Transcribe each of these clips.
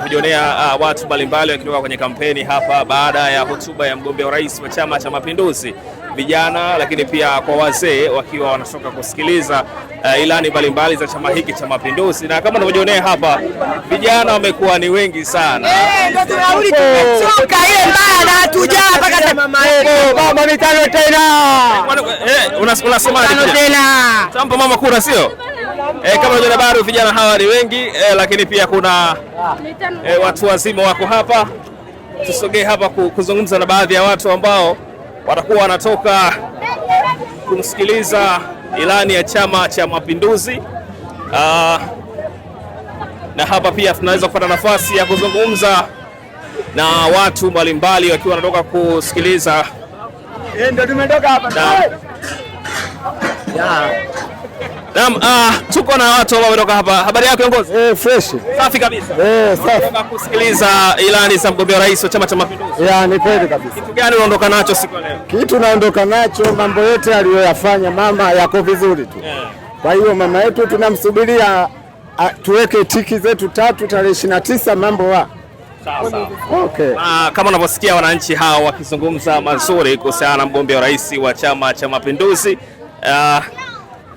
kujionea uh, ah, watu mbalimbali wakitoka kwenye kampeni hapa baada ya hotuba ya mgombea urais wa Chama cha Mapinduzi, vijana lakini pia kwa wazee wakiwa wanatoka kusikiliza uh, ilani mbalimbali za chama hiki cha Mapinduzi, na kama unavyojionea hapa vijana wamekuwa ni wengi sana. hey, eh, mitano tena, eh, Mama kura sio E, kama vile bado vijana hawa ni wengi e, lakini pia kuna e, watu wazima wako hapa. Tusogee hapa kuzungumza na baadhi ya watu ambao watakuwa wanatoka kumsikiliza ilani ya Chama cha Mapinduzi. Aa, ah, na hapa pia tunaweza kupata nafasi ya kuzungumza na watu mbalimbali wakiwa wanatoka kusikiliza. Ndio tumetoka hapa. Naam, uh, tuko na watu ambao wametoka hapa. Habari yako kiongozi? Eh, fresh. Safi kabisa. Eh, safi. Tunataka kusikiliza ilani za mgombea rais wa Chama cha Mapinduzi. Yeah, ni kweli kabisa. Kitu gani unaondoka nacho siku leo? Kitu naondoka nacho mambo yote aliyoyafanya mama yako vizuri tu. Yeah. Kwa hiyo mama yetu tunamsubiria tuweke tiki zetu tatu tarehe 29 mambo wa Sawa Okay. Uh, kama unavyosikia wananchi hawa wakizungumza mazuri kuhusiana na mgombea wa rais wa Chama cha Mapinduzi. Uh,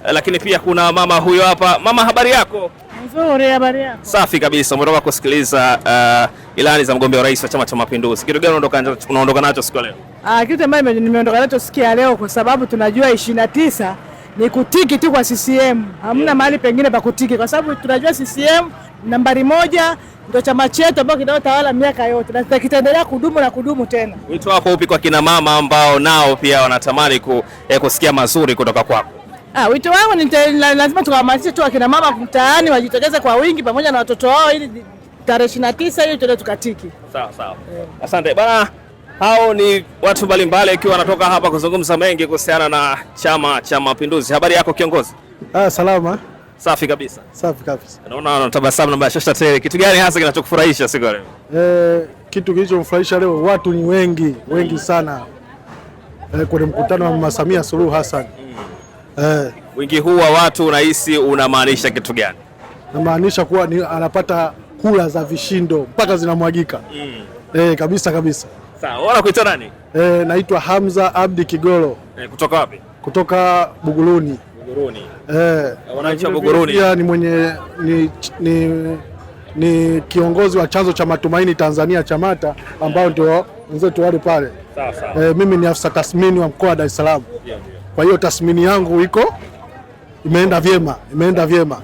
lakini pia kuna mama huyo hapa. Mama, habari yako? Nzuri, habari yako? Safi kabisa. Umetoka kusikiliza uh, ilani za mgombea rais wa Chama cha Mapinduzi, kitu gani unaondoka nacho siku leo? Ah, kitu ambacho nimeondoka nacho sikia leo, kwa sababu tunajua ishirini na tisa ni kutiki tu kwa CCM, hamna yeah, mahali pengine pa kutiki, kwa sababu tunajua CCM nambari moja ndio chama chetu ambao kinaotawala miaka yote na kitaendelea kudumu na kudumu tena. Wito wako upi kwa kina mama ambao nao pia wanatamani ku, eh, kusikia mazuri kutoka kwako? Ah, wito wangu ni lazima tukahamasishe tu akina mama mtaani wajitokeze kwa wingi pamoja na watoto wao ili tarehe 29 hiyo tuende tukatiki. Sawa sawa. Yeah. Asante. Bana hao ni watu mbalimbali ikiwa wanatoka hapa kuzungumza mengi kuhusiana na Chama cha Mapinduzi. Habari yako kiongozi? Ah, salama. Safi kabisa. Safi kabisa. Naona unatabasamu na bashasha tele. Kitu gani hasa kinachokufurahisha siku leo? Eh, kitu kilichomfurahisha leo watu ni wengi, wengi sana. Eh, kwenye mkutano wa Mama Samia Suluhu Hassan. Mm eh. Wingi huu wa watu unahisi unamaanisha kitu gani? Namaanisha kuwa ni anapata kula za vishindo mpaka zinamwagika mm. Eh, kabisa kabisa. Sawa, wanakuita nani? Eh, naitwa Hamza Abdi Kigolo. Eh, kutoka wapi? Kutoka Buguruni. Buguruni. Eh, wananchi wa Buguruni. Pia ni mwenye ni, ni, ni kiongozi wa chanzo cha matumaini Tanzania CHAMATA ambao ndio wenzetu wale pale. Sawa sawa. Eh, mimi ni afisa tasmini wa mkoa wa Dar es Salaam. Yeah, yeah. Kwa hiyo tathmini yangu iko imeenda vyema, imeenda vyema.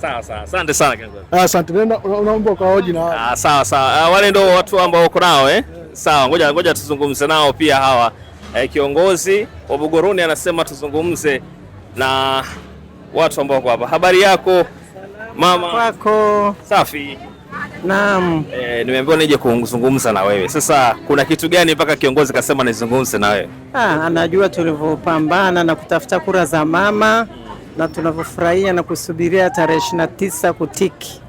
Sawa sawa, asante sana kaka. Asante. Unaomba hoji na. Ah, sawa sawa. Ah, wale ndio watu ambao uko nao eh? Sawa, ngoja ngoja tuzungumze nao pia hawa. Eh, kiongozi wa Buguruni anasema tuzungumze na watu ambao wako hapa. Habari yako mama? Kwako. Safi. Naam. Eh, nimeambiwa nije kuzungumza na wewe. Sasa kuna kitu gani mpaka kiongozi kasema nizungumze na wewe? Ah, anajua tulivyopambana na kutafuta kura za mama na tunavyofurahia na kusubiria tarehe ishirini na tisa kutiki.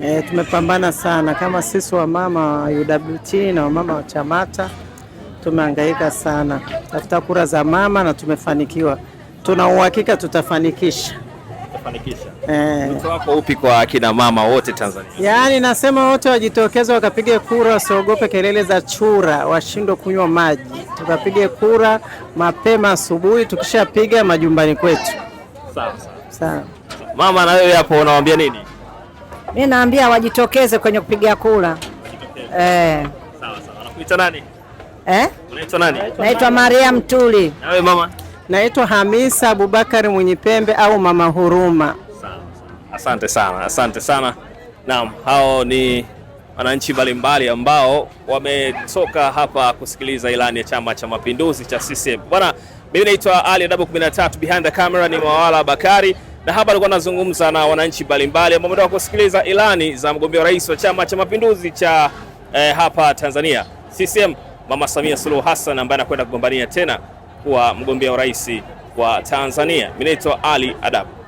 Eh, tumepambana sana kama sisi wamama wa UWT na wamama wa Chamata tumehangaika sana tafuta kura za mama na tumefanikiwa. Tuna uhakika tutafanikisha kufanikisha. Eh. wako upi kwa akina mama wote Tanzania? Yaani nasema wote wajitokeze wakapige kura, wasiogope kelele za chura, washindwe kunywa maji. Tukapige kura mapema asubuhi, tukishapiga majumbani kwetu. Sawa sawa. Mama na wewe hapo unawaambia nini? Mimi naambia wajitokeze kwenye kupiga kura. Eh. Sawa sawa. Anakuita nani? Eh? Unaitwa nani? Naitwa Maria Mtuli. Na wewe mama? Naitwa Hamisa Abubakari Mwinyipembe au Mama Huruma. Asante sana, asante sana. Naam, hao ni wananchi mbalimbali ambao wametoka hapa kusikiliza ilani ya Chama cha Mapinduzi cha CCM. Bwana, mimi naitwa Ali Adabu 13, behind the camera ni Mawala Bakari na hapa nilikuwa anazungumza na wananchi mbalimbali ambao wametoka kusikiliza ilani za mgombea rais wa Chama cha Mapinduzi cha eh, hapa Tanzania CCM Mama Samia Suluhu Hassan ambaye anakwenda kugombania tena kuwa mgombea urais wa Tanzania. Mimi naitwa Ali Adabu.